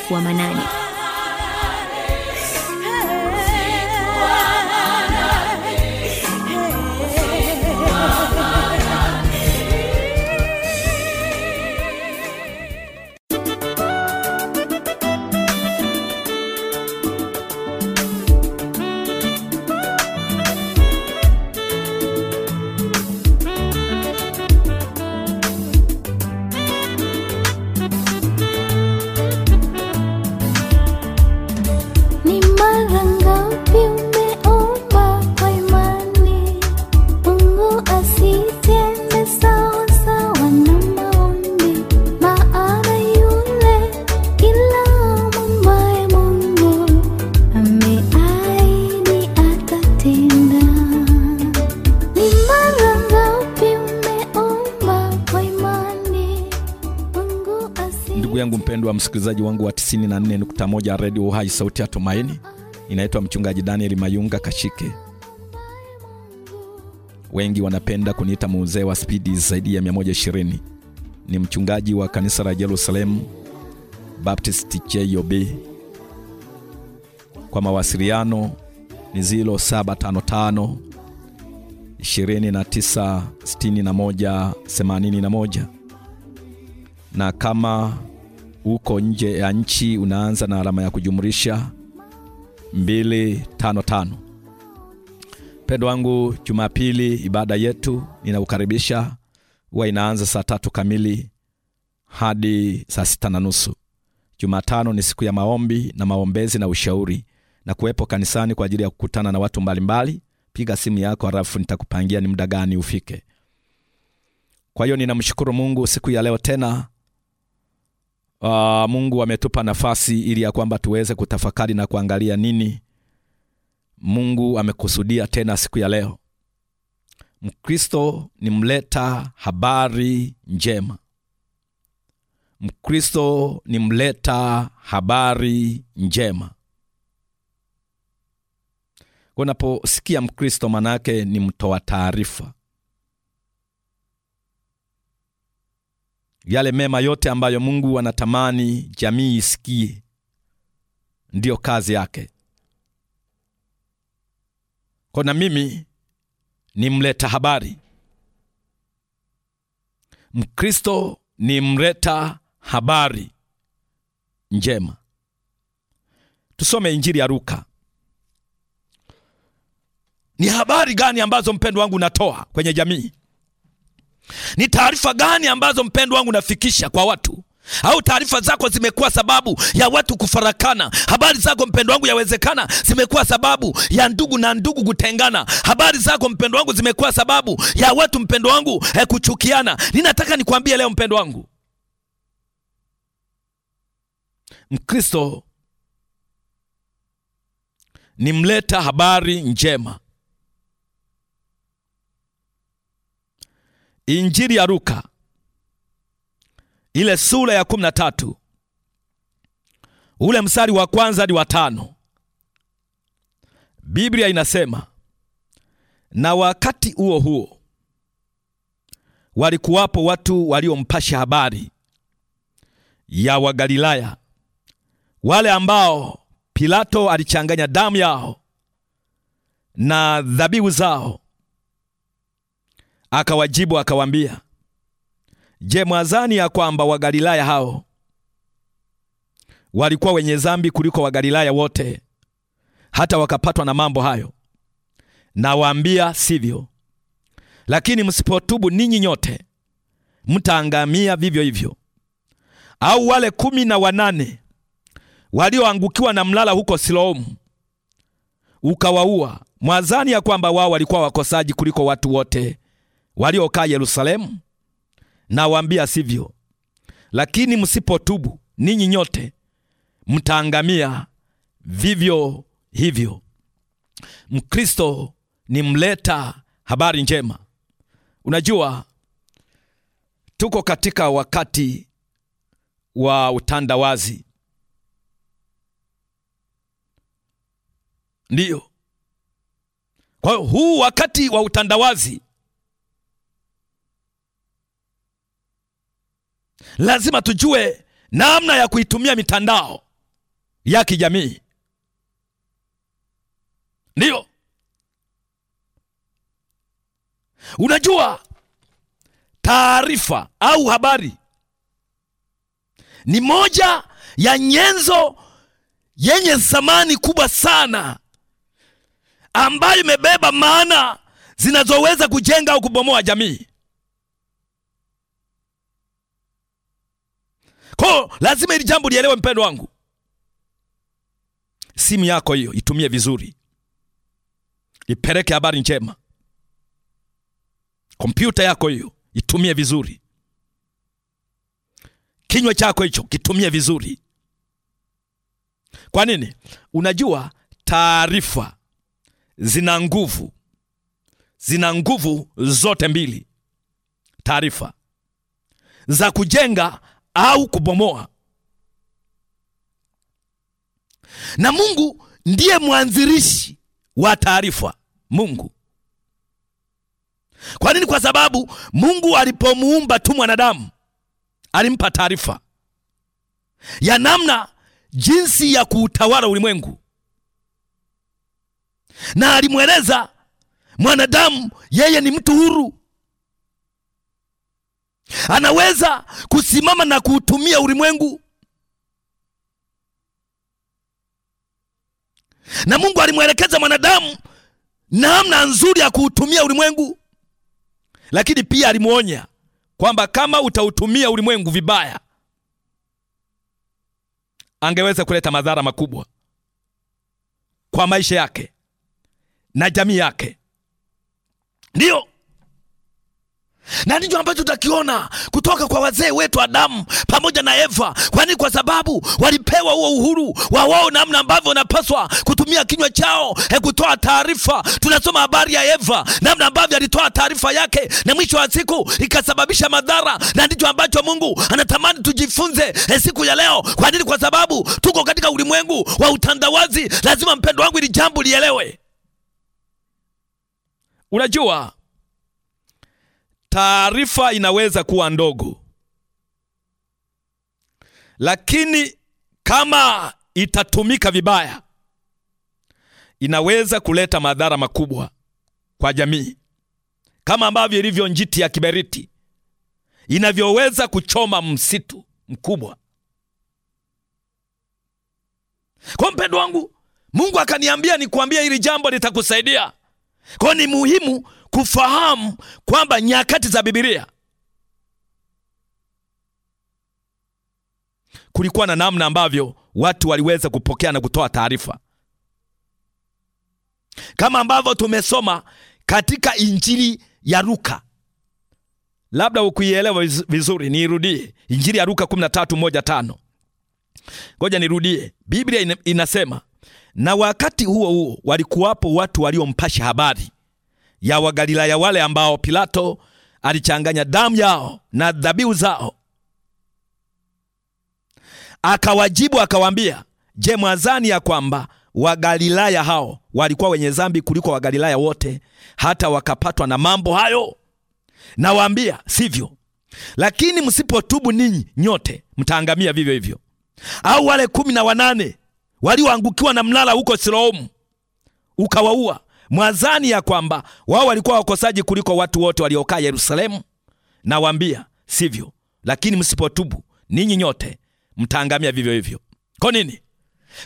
mtakatifu wa manane. msikilizaji wangu wa 94.1 Redio Uhai, sauti ya Tumaini. Inaitwa Mchungaji Daniel Mayunga Kashike. Wengi wanapenda kuniita muuzee wa spidi zaidi ya 120. Ni mchungaji wa kanisa la jerusalemu Baptist JOB. Kwa mawasiliano ni 0755 81 na kama uko nje ya nchi unaanza na alama ya kujumlisha 255. pendo wangu, Jumapili ibada yetu ninaukaribisha huwa inaanza saa tatu kamili hadi saa sita na nusu. Jumatano ni siku ya maombi na maombezi na ushauri na kuwepo kanisani kwa ajili ya kukutana na watu mbalimbali mbali. Piga simu yako halafu nitakupangia ni muda gani ufike. Kwa hiyo ninamshukuru Mungu siku ya leo tena Uh, Mungu ametupa nafasi ili ya kwamba tuweze kutafakari na kuangalia nini Mungu amekusudia tena siku ya leo. Mkristo ni mleta habari njema. Mkristo ni mleta habari njema. Unaposikia Mkristo, maana yake ni mtoa taarifa. yale mema yote ambayo Mungu anatamani jamii isikie, ndiyo kazi yake. Kwa na mimi ni mleta habari, Mkristo ni mleta habari njema. Tusome Injili ya Luka. Ni habari gani ambazo mpendo wangu natoa kwenye jamii? Ni taarifa gani ambazo mpendo wangu nafikisha kwa watu? Au taarifa zako zimekuwa sababu ya watu kufarakana? Habari zako mpendo wangu, yawezekana zimekuwa sababu ya ndugu na ndugu kutengana. Habari zako mpendo wangu zimekuwa sababu ya watu mpendo wangu eh, kuchukiana. Ninataka nikwambie leo mpendo wangu, Mkristo ni mleta habari njema. Injili ya Luka ile sura ya kumi na tatu ule msari wa kwanza hadi wa tano Biblia inasema, na wakati huo huo walikuwapo watu waliompasha habari ya Wagalilaya wale ambao Pilato alichanganya damu yao na dhabihu zao Akawajibu akawaambia, je, mwadhani ya kwamba Wagalilaya hao walikuwa wenye zambi kuliko Wagalilaya wote hata wakapatwa na mambo hayo? Nawaambia, sivyo. Lakini msipotubu ninyi nyote mtaangamia vivyo hivyo. Au wale kumi na wanane walioangukiwa na mlala huko Siloamu ukawaua, mwadhani ya kwamba wao walikuwa wakosaji kuliko watu wote waliokaa Yerusalemu, nawaambia sivyo. Lakini msipotubu ninyi nyote mtaangamia vivyo hivyo. Mkristo ni mleta habari njema. Unajua, tuko katika wakati wa utandawazi, ndiyo. Kwa hiyo huu wakati wa utandawazi lazima tujue namna ya kuitumia mitandao ya kijamii. Ndiyo, unajua taarifa au habari ni moja ya nyenzo yenye thamani kubwa sana ambayo imebeba maana zinazoweza kujenga au kubomoa jamii. Ko lazima ili jambo lielewe, mpendo wangu. Simu yako hiyo itumie vizuri, ipeleke habari njema. Kompyuta yako hiyo itumie vizuri, kinywa chako hicho kitumie vizuri. Kwa nini? Unajua taarifa zina nguvu, zina nguvu zote mbili, taarifa za kujenga au kubomoa. Na Mungu ndiye mwanzilishi wa taarifa. Mungu kwa nini? Kwa sababu Mungu alipomuumba tu mwanadamu alimpa taarifa ya namna jinsi ya kuutawala ulimwengu, na alimweleza mwanadamu yeye ni mtu huru Anaweza kusimama na kuutumia ulimwengu, na Mungu alimwelekeza mwanadamu namna nzuri ya kuutumia ulimwengu, lakini pia alimwonya kwamba kama utautumia ulimwengu vibaya, angeweza kuleta madhara makubwa kwa maisha yake na jamii yake. Ndiyo na ndicho ambacho tutakiona kutoka kwa wazee wetu Adamu pamoja na Eva, kwani kwa sababu walipewa huo uhuru wa wao, namna ambavyo wanapaswa kutumia kinywa chao e kutoa taarifa. Tunasoma habari ya Eva, namna ambavyo alitoa taarifa yake na mwisho wa siku ikasababisha madhara, na ndicho ambacho Mungu anatamani tujifunze siku ya leo. Kwa nini? Kwa sababu tuko katika ulimwengu wa utandawazi. Lazima mpendo wangu, ili jambo lielewe. Unajua taarifa inaweza kuwa ndogo, lakini kama itatumika vibaya inaweza kuleta madhara makubwa kwa jamii, kama ambavyo ilivyo njiti ya kiberiti inavyoweza kuchoma msitu mkubwa. Kwa mpendo wangu, Mungu akaniambia nikuambia hili jambo litakusaidia. Kwa ni muhimu kufahamu kwamba nyakati za Biblia kulikuwa na namna ambavyo watu waliweza kupokea na kutoa taarifa, kama ambavyo tumesoma katika Injili ya Luka. Labda ukuielewa vizuri, niirudie. Injili ya Luka 13:1-5. Ngoja nirudie. Biblia inasema na wakati huo huo walikuwapo watu waliompasha habari ya Wagalilaya wale ambao Pilato alichanganya damu yao na dhabihu zao. Akawajibu akawaambia, je, mwazani ya kwamba Wagalilaya hao walikuwa wenye zambi kuliko Wagalilaya wote hata wakapatwa na mambo hayo? Nawaambia, sivyo. Lakini msipotubu ninyi nyote mtaangamia vivyo hivyo. Au wale kumi na wanane walioangukiwa na mlala huko Siloamu ukawaua, mwazani ya kwamba wao walikuwa wakosaji kuliko watu wote waliokaa Yerusalemu? Nawaambia sivyo, lakini msipotubu ninyi nyote mtaangamia vivyo hivyo. Kwa nini?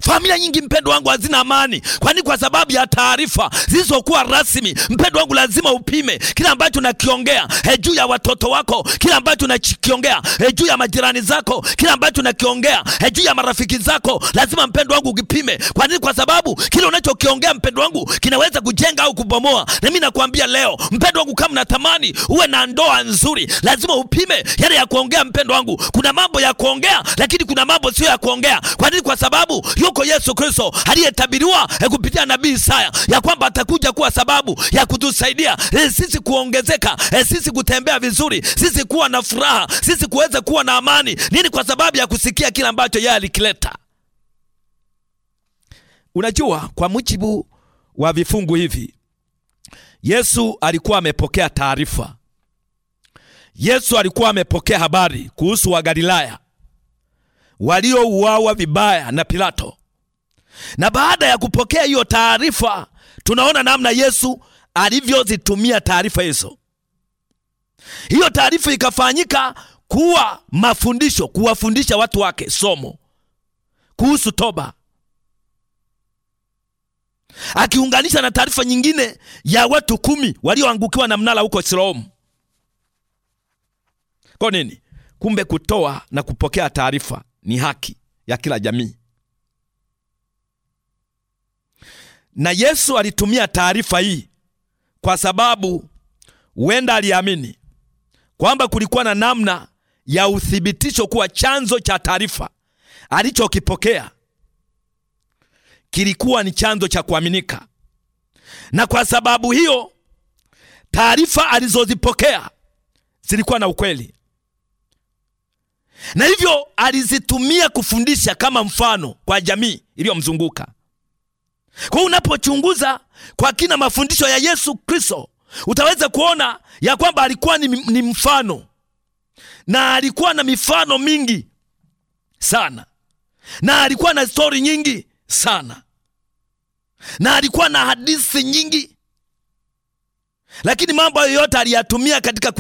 Familia nyingi mpendo wangu hazina amani. Kwani kwa sababu ya taarifa zilizokuwa rasmi, mpendo wangu, lazima upime kila ambacho nakiongea juu ya watoto wako, kila ambacho nakiongea juu ya majirani zako, kila ambacho nakiongea juu ya marafiki zako. Lazima mpendo wangu ukipime. Kwa nini? Kwa sababu kile unachokiongea mpendo wangu kinaweza kujenga au kubomoa. Na mimi nakwambia leo mpendo wangu, kama natamani uwe na ndoa nzuri, lazima upime yale ya kuongea mpendo wangu. Kuna mambo ya kuongea, lakini kuna mambo sio ya kuongea. Kwa nini? Kwa sababu yuko Yesu Kristo aliyetabiriwa eh, kupitia nabii Isaya ya kwamba atakuja kuwa sababu ya kutusaidia eh, sisi kuongezeka, eh, sisi kutembea vizuri, sisi kuwa na furaha, sisi kuweza kuwa na amani. Nini? Kwa sababu ya kusikia kila ambacho yeye alikileta. Unajua, kwa mujibu wa vifungu hivi, Yesu alikuwa amepokea taarifa. Yesu alikuwa amepokea habari kuhusu Wagalilaya waliouawa vibaya na Pilato. Na baada ya kupokea hiyo taarifa, tunaona namna Yesu alivyozitumia taarifa hizo. Hiyo taarifa ikafanyika kuwa mafundisho, kuwafundisha watu wake somo kuhusu toba, akiunganisha na taarifa nyingine ya watu kumi walioangukiwa na mnara huko Siloamu. Kwa nini? Kumbe kutoa na kupokea taarifa ni haki ya kila jamii, na Yesu alitumia taarifa hii kwa sababu huenda aliamini kwamba kulikuwa na namna ya uthibitisho kuwa chanzo cha taarifa alichokipokea kilikuwa ni chanzo cha kuaminika, na kwa sababu hiyo taarifa alizozipokea zilikuwa na ukweli na hivyo alizitumia kufundisha kama mfano kwa jamii iliyomzunguka. Kwa hiyo unapochunguza kwa kina mafundisho ya Yesu Kristo utaweza kuona ya kwamba alikuwa ni, ni mfano na alikuwa na mifano mingi sana na alikuwa na stori nyingi sana na alikuwa na hadithi nyingi, lakini mambo hayo yote aliyatumia katika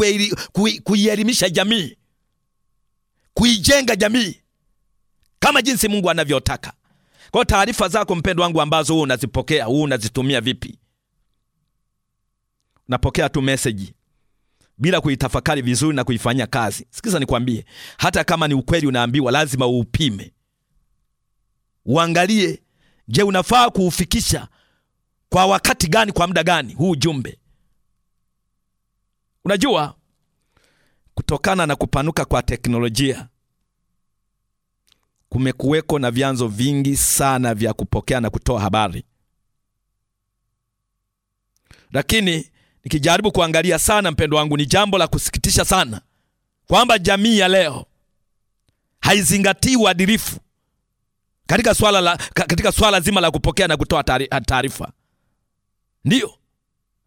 kuielimisha jamii kuijenga jamii kama jinsi Mungu anavyotaka. Kwa hiyo taarifa zako mpendo wangu ambazo huu unazipokea, huu unazitumia vipi? Napokea tu meseji bila kuitafakari vizuri na kuifanyia kazi. Sikiza nikwambie, hata kama ni ukweli unaambiwa, lazima uupime, uangalie, je, unafaa kuufikisha kwa wakati gani, kwa muda gani huu ujumbe? Unajua, Kutokana na kupanuka kwa teknolojia, kumekuweko na vyanzo vingi sana vya kupokea na kutoa habari, lakini nikijaribu kuangalia sana, mpendo wangu, ni jambo la kusikitisha sana kwamba jamii ya leo haizingatii uadilifu katika swala la, katika swala zima la kupokea na kutoa taarifa. Ndiyo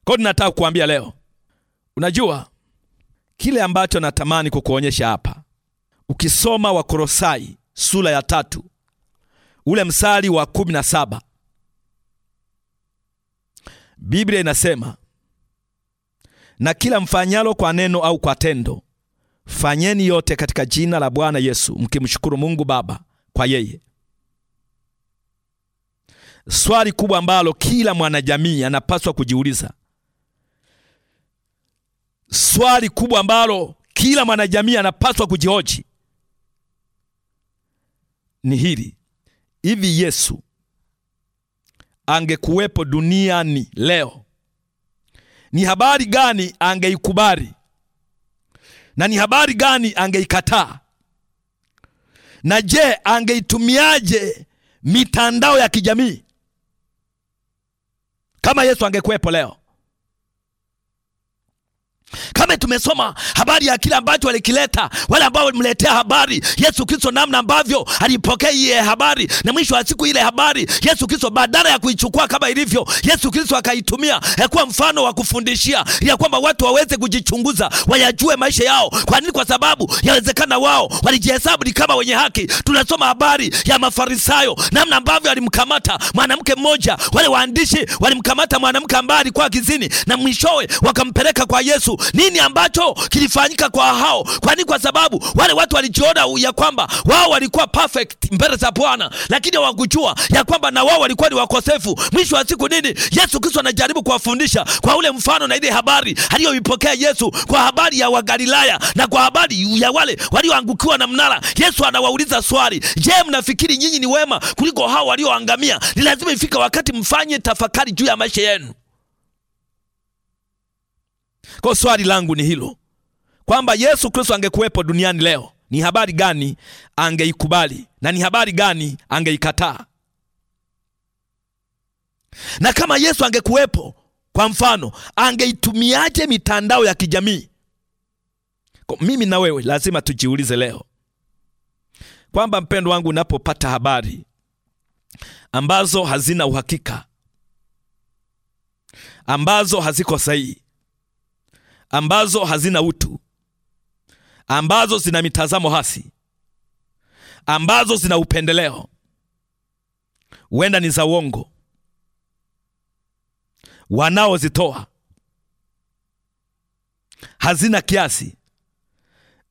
kwa hiyo ninataka kukuambia leo, unajua Kile ambacho natamani kukuonyesha hapa, ukisoma Wakolosai sura ya tatu ule msali wa kumi na saba Biblia inasema, na kila mfanyalo kwa neno au kwa tendo, fanyeni yote katika jina la Bwana Yesu, mkimshukuru Mungu Baba kwa yeye. Swali kubwa ambalo kila mwanajamii anapaswa kujiuliza swali kubwa ambalo kila mwanajamii anapaswa kujihoji ni hili: hivi Yesu angekuwepo duniani leo, ni habari gani angeikubali na ni habari gani angeikataa? Na je, angeitumiaje mitandao ya kijamii kama Yesu angekuwepo leo? kama tumesoma habari ya kile ambacho walikileta wale ambao walimletea habari Yesu Kristo, namna ambavyo alipokea ile habari, na mwisho wa siku ile habari Yesu Kristo badala ya kuichukua kama ilivyo, Yesu Kristo akaitumia kuwa mfano wa kufundishia, ya kwamba watu waweze kujichunguza, wayajue maisha yao. Kwa nini? Kwa sababu yawezekana wao walijihesabu ni kama wenye haki. Tunasoma habari ya Mafarisayo, namna ambavyo alimkamata mwanamke mmoja, wale waandishi walimkamata mwanamke ambaye alikuwa kizini, na mwishowe wakampeleka kwa Yesu nini ambacho kilifanyika kwa hao? Kwani kwa sababu wale watu walijiona ya kwamba wao walikuwa perfect mbele za Bwana, lakini hawakujua ya kwamba na wao walikuwa ni wakosefu. Mwisho wa siku nini, Yesu Kristo anajaribu kuwafundisha kwa ule mfano na ile habari aliyoipokea Yesu, kwa habari ya Wagalilaya na kwa habari ya wale walioangukiwa na mnara. Yesu anawauliza swali, je, mnafikiri nyinyi ni wema kuliko hao walioangamia? Ni lazima ifika wakati mfanye tafakari juu ya maisha yenu. Kwa swali langu ni hilo kwamba Yesu Kristo angekuwepo duniani leo, ni habari gani angeikubali na ni habari gani angeikataa? Na kama Yesu angekuwepo, kwa mfano, angeitumiaje mitandao ya kijamii? Kwa mimi na wewe lazima tujiulize leo kwamba mpendo wangu, unapopata habari ambazo hazina uhakika, ambazo haziko sahihi, ambazo hazina utu, ambazo zina mitazamo hasi, ambazo zina upendeleo, huenda ni za uongo, wanaozitoa hazina kiasi,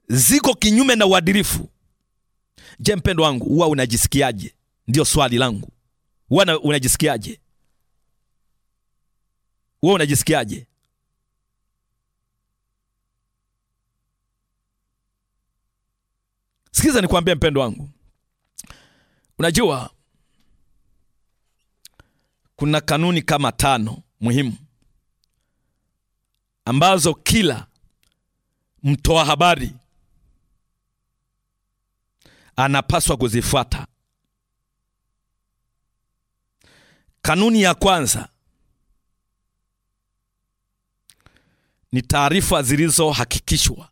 ziko kinyume na uadilifu. Je, mpendo wangu, huwa unajisikiaje? Ndio swali langu. Huwa unajisikiaje? Huwa unajisikiaje? Sikiza nikwambie, mpendo wangu, unajua kuna kanuni kama tano muhimu ambazo kila mtoa habari anapaswa kuzifuata. Kanuni ya kwanza ni taarifa zilizohakikishwa.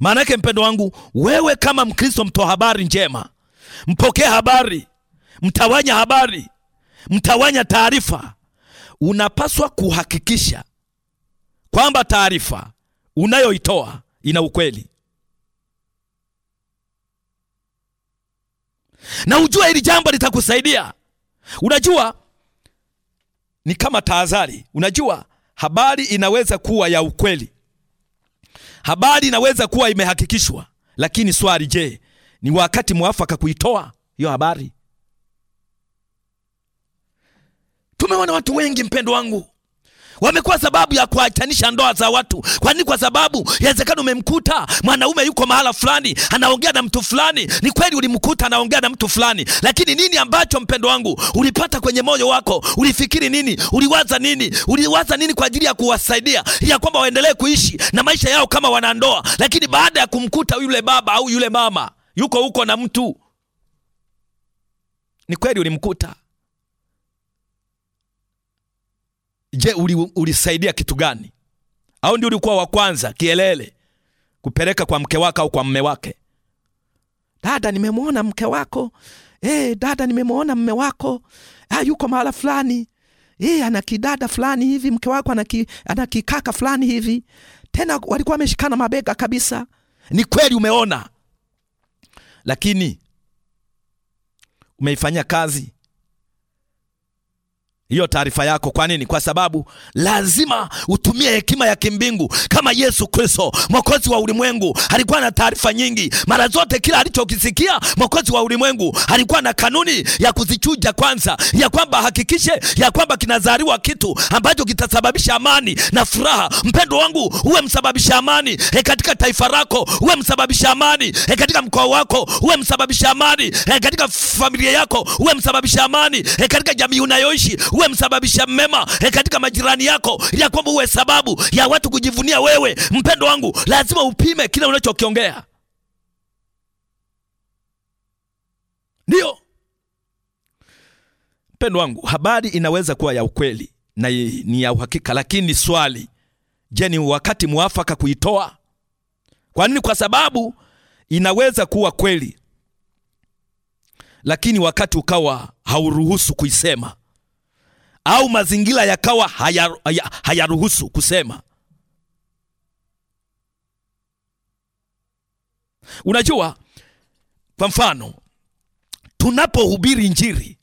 Maana yake mpendo wangu, wewe kama Mkristo, mtoa habari njema, mpokee habari, mtawanya habari, mtawanya taarifa. Unapaswa kuhakikisha kwamba taarifa unayoitoa ina ukweli, na ujue hili jambo litakusaidia. Unajua ni kama tahadhari. Unajua habari inaweza kuwa ya ukweli Habari inaweza kuwa imehakikishwa, lakini swali, je, ni wakati mwafaka kuitoa hiyo habari? Tumeona watu wengi, mpendo wangu, wamekuwa sababu ya kuachanisha ndoa za watu. Kwa nini? Kwa sababu yawezekana umemkuta mwanaume yuko mahala fulani anaongea na mtu fulani. Ni kweli ulimkuta anaongea na mtu fulani, lakini nini ambacho mpendo wangu ulipata kwenye moyo wako? Ulifikiri nini? Uliwaza nini? Uliwaza nini kwa ajili ya kuwasaidia ya kwamba waendelee kuishi na maisha yao kama wanandoa? Lakini baada ya kumkuta yule baba au yule mama yuko huko na mtu, ni kweli ulimkuta Je, ulisaidia kitu gani? Au ndio ulikuwa wa kwanza kielele kupeleka kwa mke wako au kwa mme wake? Dada, nimemwona mke wako. Eh, dada, nimemwona mme wako. Ah, yuko mahala fulani. Eh, ana kidada fulani hivi, mke wako ana kikaka fulani hivi. Tena walikuwa wameshikana mabega kabisa. Ni kweli umeona, lakini umeifanya kazi? hiyo taarifa yako. Kwa nini? Kwa sababu lazima utumie hekima ya kimbingu kama Yesu Kristo, mwokozi wa ulimwengu. Alikuwa na taarifa nyingi, mara zote kila alichokisikia mwokozi wa ulimwengu alikuwa na kanuni ya kuzichuja kwanza, ya kwamba hakikishe ya kwamba kinazaliwa kitu ambacho kitasababisha amani na furaha. Mpendo wangu, uwe msababisha amani e, katika taifa lako uwe msababisha amani e, katika mkoa wako uwe msababisha amani e, katika familia yako uwe msababisha amani e, katika jamii unayoishi uwe msababisha mema e, katika majirani yako, ili ya kwamba uwe sababu ya watu kujivunia wewe. Mpendo wangu, lazima upime kile unachokiongea. ndio mpendo wangu, habari inaweza kuwa ya ukweli na ni ya uhakika, lakini swali, je, ni wakati mwafaka kuitoa? Kwa nini? Kwa sababu inaweza kuwa kweli, lakini wakati ukawa hauruhusu kuisema au mazingira yakawa hayaruhusu haya kusema. Unajua, kwa mfano tunapohubiri Injili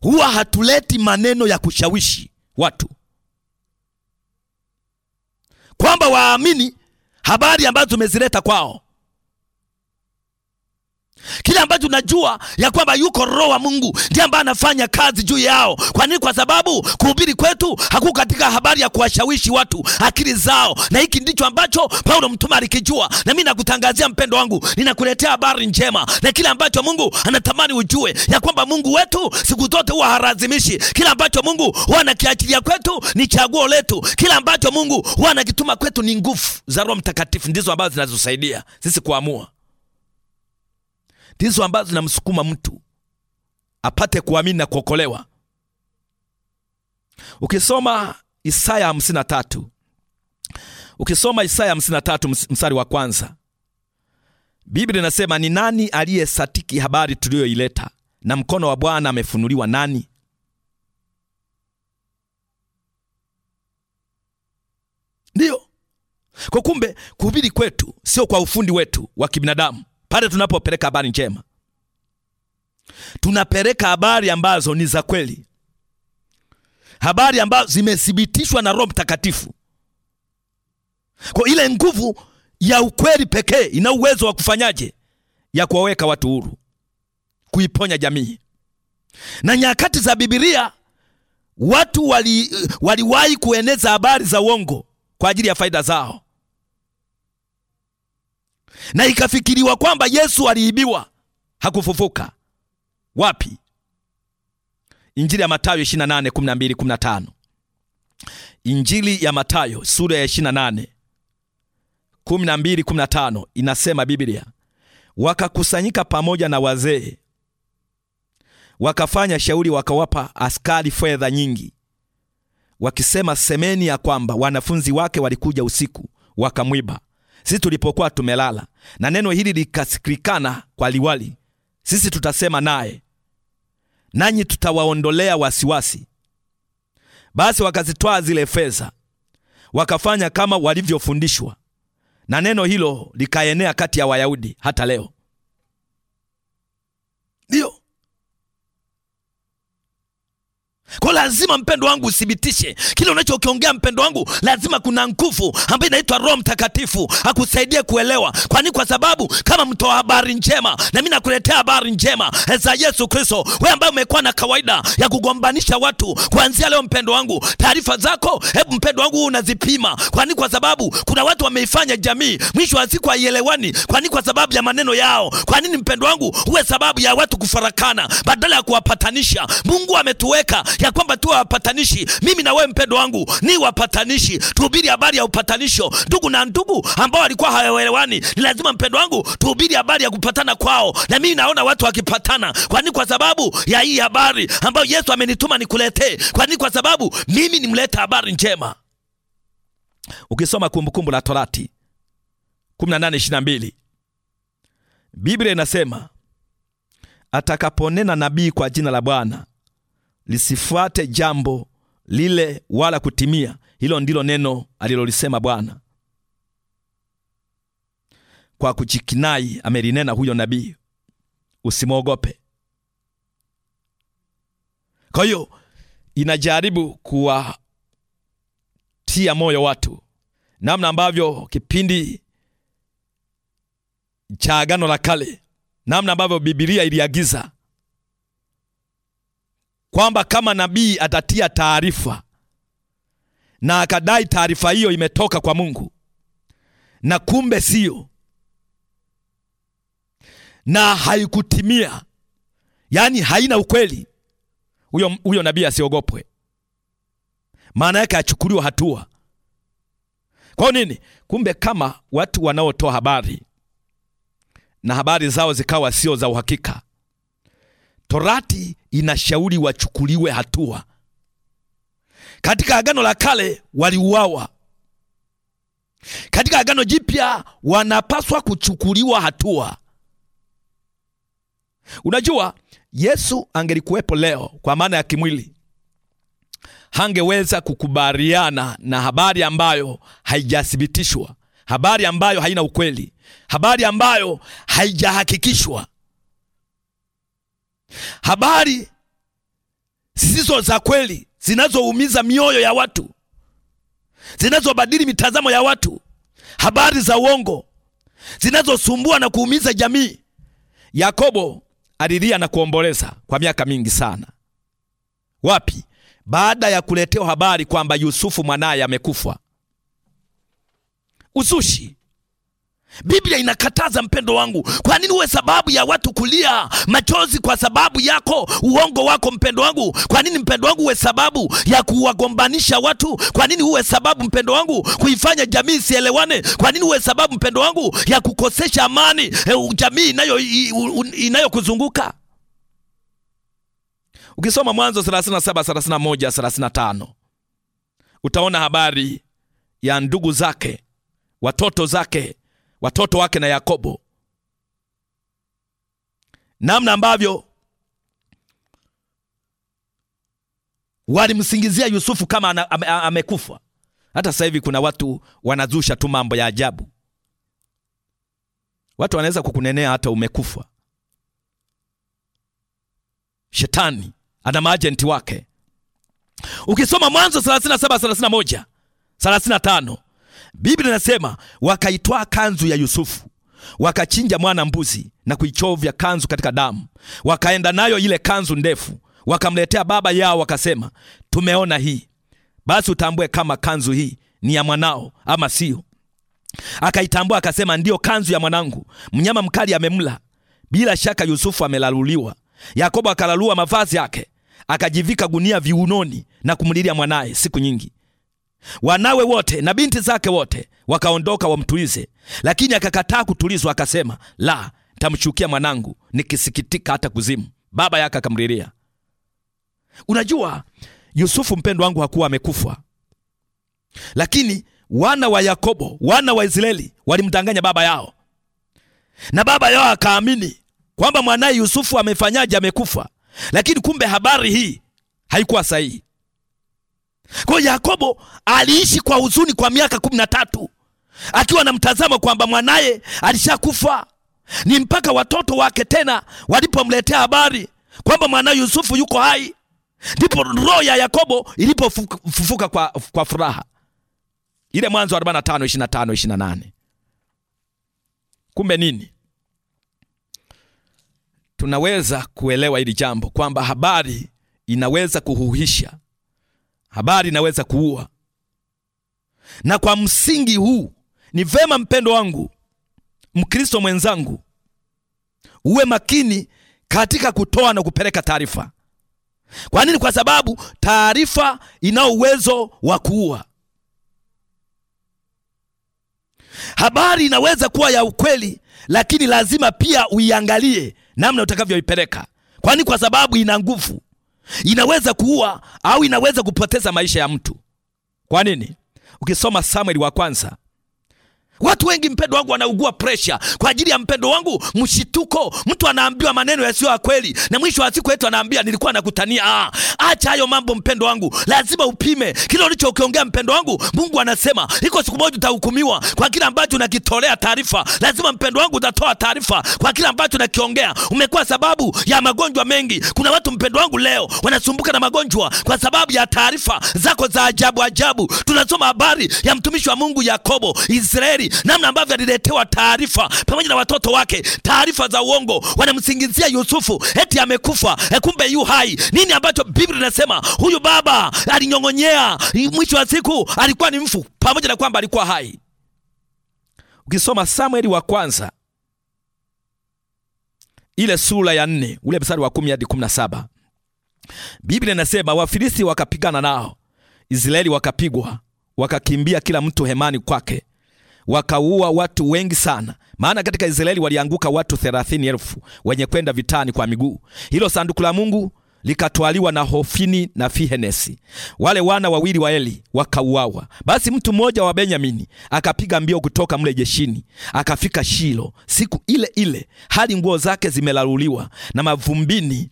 huwa hatuleti maneno ya kushawishi watu kwamba waamini habari ambazo tumezileta kwao Kile ambacho najua ya kwamba yuko Roho wa Mungu ndiye ambaye anafanya kazi juu yao. Kwa nini? Kwa sababu kuhubiri kwetu haku katika habari ya kuwashawishi watu akili zao, na hiki ndicho ambacho Paulo mtume alikijua. Na mimi nakutangazia mpendo wangu, ninakuletea habari njema na kile ambacho Mungu anatamani ujue ya kwamba Mungu wetu siku zote huwa harazimishi. Kile ambacho Mungu huwa anakiachilia kwetu ni chaguo letu. Kile ambacho Mungu huwa anakituma kwetu ni nguvu za Roho Mtakatifu, ndizo ambazo zinazosaidia sisi kuamua ndizo ambazo zinamsukuma mtu apate kuamini na kuokolewa. Ukisoma Isaya 53 ukisoma Isaya 53 mstari wa kwanza, Biblia inasema ni nani aliyesatiki habari tuliyoileta, na mkono wa Bwana amefunuliwa nani? Ndiyo kwa kumbe, kuhubiri kwetu sio kwa ufundi wetu wa kibinadamu pale tunapopeleka habari njema, tunapeleka habari ambazo ni za kweli, habari ambazo zimethibitishwa na Roho Mtakatifu. Kwa ile nguvu ya ukweli pekee ina uwezo wa kufanyaje, ya kuwaweka watu huru, kuiponya jamii. Na nyakati za Biblia watu waliwahi wali kueneza habari za uongo kwa ajili ya faida zao na ikafikiriwa kwamba Yesu aliibiwa, hakufufuka. Wapi? Injili ya Mathayo 28 15. Injili ya Mathayo sura ya 28 12 15 inasema Biblia, wakakusanyika pamoja na wazee wakafanya shauri, wakawapa askari fedha nyingi, wakisema, semeni ya kwamba wanafunzi wake walikuja usiku wakamwiba sisi tulipokuwa tumelala, na neno hili likasikilikana kwa liwali, sisi tutasema naye, nanyi tutawaondolea wasiwasi. Basi wakazitwaa zile fedha, wakafanya kama walivyofundishwa, na neno hilo likaenea kati ya Wayahudi hata leo. Ndio. Kwa lazima mpendo wangu uthibitishe kile unachokiongea. Mpendo wangu, lazima kuna nguvu ambayo inaitwa Roho Mtakatifu akusaidie kuelewa. Kwani kwa sababu kama mtoa habari njema, na mimi nakuletea habari njema eh, za Yesu Kristo. Wewe ambaye umekuwa na kawaida ya kugombanisha watu, kuanzia leo mpendo wangu, taarifa zako, hebu mpendo wangu unazipima. Kwani kwa sababu kuna watu wameifanya jamii mwisho wa siku haielewani. Kwani kwa sababu ya maneno yao. Kwa nini mpendo wangu uwe sababu ya watu kufarakana badala ya kuwapatanisha? Mungu ametuweka ya kwamba tu wapatanishi. Mimi na wewe mpendo wangu ni wapatanishi, tuhubiri habari ya upatanisho. Ndugu na ndugu ambao walikuwa hawaelewani, ni lazima mpendo wangu tuhubiri habari ya kupatana kwao, na mimi naona watu wakipatana. Kwani kwa sababu ya hii habari ambayo Yesu amenituma nikuletee, kwani kwa sababu mimi nimleta habari njema. Ukisoma Kumbukumbu la Torati 18:22 Biblia inasema atakaponena nabii kwa jina la Bwana lisifuate jambo lile wala kutimia. Hilo ndilo neno alilolisema Bwana kwa kujikinai, amelinena huyo nabii, usimwogope. Kwa hiyo inajaribu kuwatia moyo watu namna ambavyo kipindi cha Agano la Kale, namna ambavyo bibilia iliagiza kwamba kama nabii atatia taarifa na akadai taarifa hiyo imetoka kwa Mungu na kumbe sio, na haikutimia, yaani haina ukweli, huyo huyo nabii asiogopwe, maana yake achukuliwa hatua. Kwa nini? Kumbe kama watu wanaotoa habari na habari zao zikawa sio za uhakika, Torati inashauri wachukuliwe hatua. Katika Agano la Kale waliuawa, katika Agano Jipya wanapaswa kuchukuliwa hatua. Unajua, Yesu angelikuwepo leo, kwa maana ya kimwili, hangeweza kukubaliana na habari ambayo haijathibitishwa, habari ambayo haina ukweli, habari ambayo haijahakikishwa habari zisizo za kweli zinazoumiza mioyo ya watu, zinazobadili mitazamo ya watu, habari za uongo zinazosumbua na kuumiza jamii. Yakobo alilia na kuomboleza kwa miaka mingi sana. Wapi? Baada ya kuletewa habari kwamba Yusufu mwanaye amekufa. Uzushi Biblia inakataza mpendo wangu. Kwa nini uwe sababu ya watu kulia machozi kwa sababu yako uongo wako mpendo wangu? Kwa nini mpendo wangu uwe sababu ya kuwagombanisha watu? Kwa nini uwe sababu mpendo wangu kuifanya jamii sielewane Kwa nini uwe sababu mpendo wangu ya kukosesha amani e, jamii inayokuzunguka inayo ukisoma Mwanzo 37, 31, 35 utaona habari ya ndugu zake watoto zake watoto wake na Yakobo, namna ambavyo walimsingizia Yusufu kama amekufa. Hata sasa hivi kuna watu wanazusha tu mambo ya ajabu. Watu wanaweza kukunenea hata umekufa. Shetani ana maajenti wake. Ukisoma Mwanzo 37, 31, 35 Biblia inasema wakaitwaa kanzu ya Yusufu, wakachinja mwana mbuzi na kuichovya kanzu katika damu, wakaenda nayo ile kanzu ndefu, wakamletea baba yao, wakasema, tumeona hii, basi utambue kama kanzu hii ni ya mwanao ama sio. Akaitambua akasema, ndiyo kanzu ya mwanangu, mnyama mkali amemla. Bila shaka Yusufu amelaluliwa. Yakobo akalalua mavazi yake, akajivika gunia viunoni na kumlilia mwanaye siku nyingi. Wanawe wote na binti zake wote wakaondoka wamtulize, lakini akakataa kutulizwa, akasema, la, tamchukia mwanangu nikisikitika hata kuzimu. Baba yake akamlilia. Unajua, Yusufu mpendo wangu hakuwa amekufa, lakini wana wa Yakobo, wana wa Israeli walimdanganya baba yao, na baba yao akaamini kwamba mwanaye Yusufu amefanyaje, amekufa. Lakini kumbe habari hii haikuwa sahihi. Kwa Yakobo aliishi kwa huzuni kwa miaka kumi na tatu akiwa mtazamo kwamba mwanaye alishakufa. Ni mpaka watoto wake tena walipomletea habari kwamba mwanaye Yusufu yuko hai, ndipo roho ya Yakobo ilipofufuka kwa, kwa furaha ile. Mwanzo wa 45 25 Kumbe nini tunaweza kuelewa hili jambo kwamba habari inaweza kuhuhisha habari inaweza kuua. Na kwa msingi huu ni vema, mpendo wangu Mkristo mwenzangu, uwe makini katika kutoa na kupeleka taarifa. Kwa nini? Kwa sababu taarifa ina uwezo wa kuua. Habari inaweza kuwa ya ukweli, lakini lazima pia uiangalie namna utakavyoipeleka. Kwani kwa sababu ina nguvu inaweza kuua au inaweza kupoteza maisha ya mtu. Kwa nini? Ukisoma Samueli wa kwanza Watu wengi mpendo wangu wanaugua presha kwa ajili ya mpendo wangu mshituko. Mtu anaambiwa maneno yasiyo ya kweli, na mwisho wa siku yetu anaambia nilikuwa nakutania. Ah, acha hayo mambo mpendo wangu, lazima upime kile ulichokiongea mpendo wangu. Mungu anasema iko siku moja utahukumiwa kwa kile ambacho unakitolea taarifa. Lazima mpendo wangu utatoa taarifa kwa kile ambacho unakiongea. Umekuwa sababu ya magonjwa mengi. Kuna watu mpendo wangu leo wanasumbuka na magonjwa kwa sababu ya taarifa zako za ajabu ajabu. Tunasoma habari ya mtumishi wa Mungu Yakobo Israeli Daudi, namna ambavyo aliletewa taarifa pamoja na watoto wake, taarifa za uongo. Wanamsingizia Yusufu eti amekufa, eh, kumbe yu hai. Nini ambacho Biblia inasema? Huyu baba alinyong'onyea, mwisho wa siku alikuwa ni mfu, pamoja na kwamba alikuwa hai. Ukisoma Samueli wa kwanza ile sura ya nne ule mstari wa kumi hadi kumi na saba Biblia inasema Wafilisti wakapigana nao, Israeli wakapigwa, wakakimbia kila mtu hemani kwake, wakaua watu wengi sana, maana katika Israeli walianguka watu thelathini elfu wenye kwenda vitani kwa miguu. Hilo sanduku la Mungu likatwaliwa na Hofini na Fihenesi, wale wana wawili wa Eli wakauawa. Basi mtu mmoja wa Benyamini akapiga mbio kutoka mle jeshini, akafika Shilo siku ile ile, hali nguo zake zimelaluliwa na mavumbini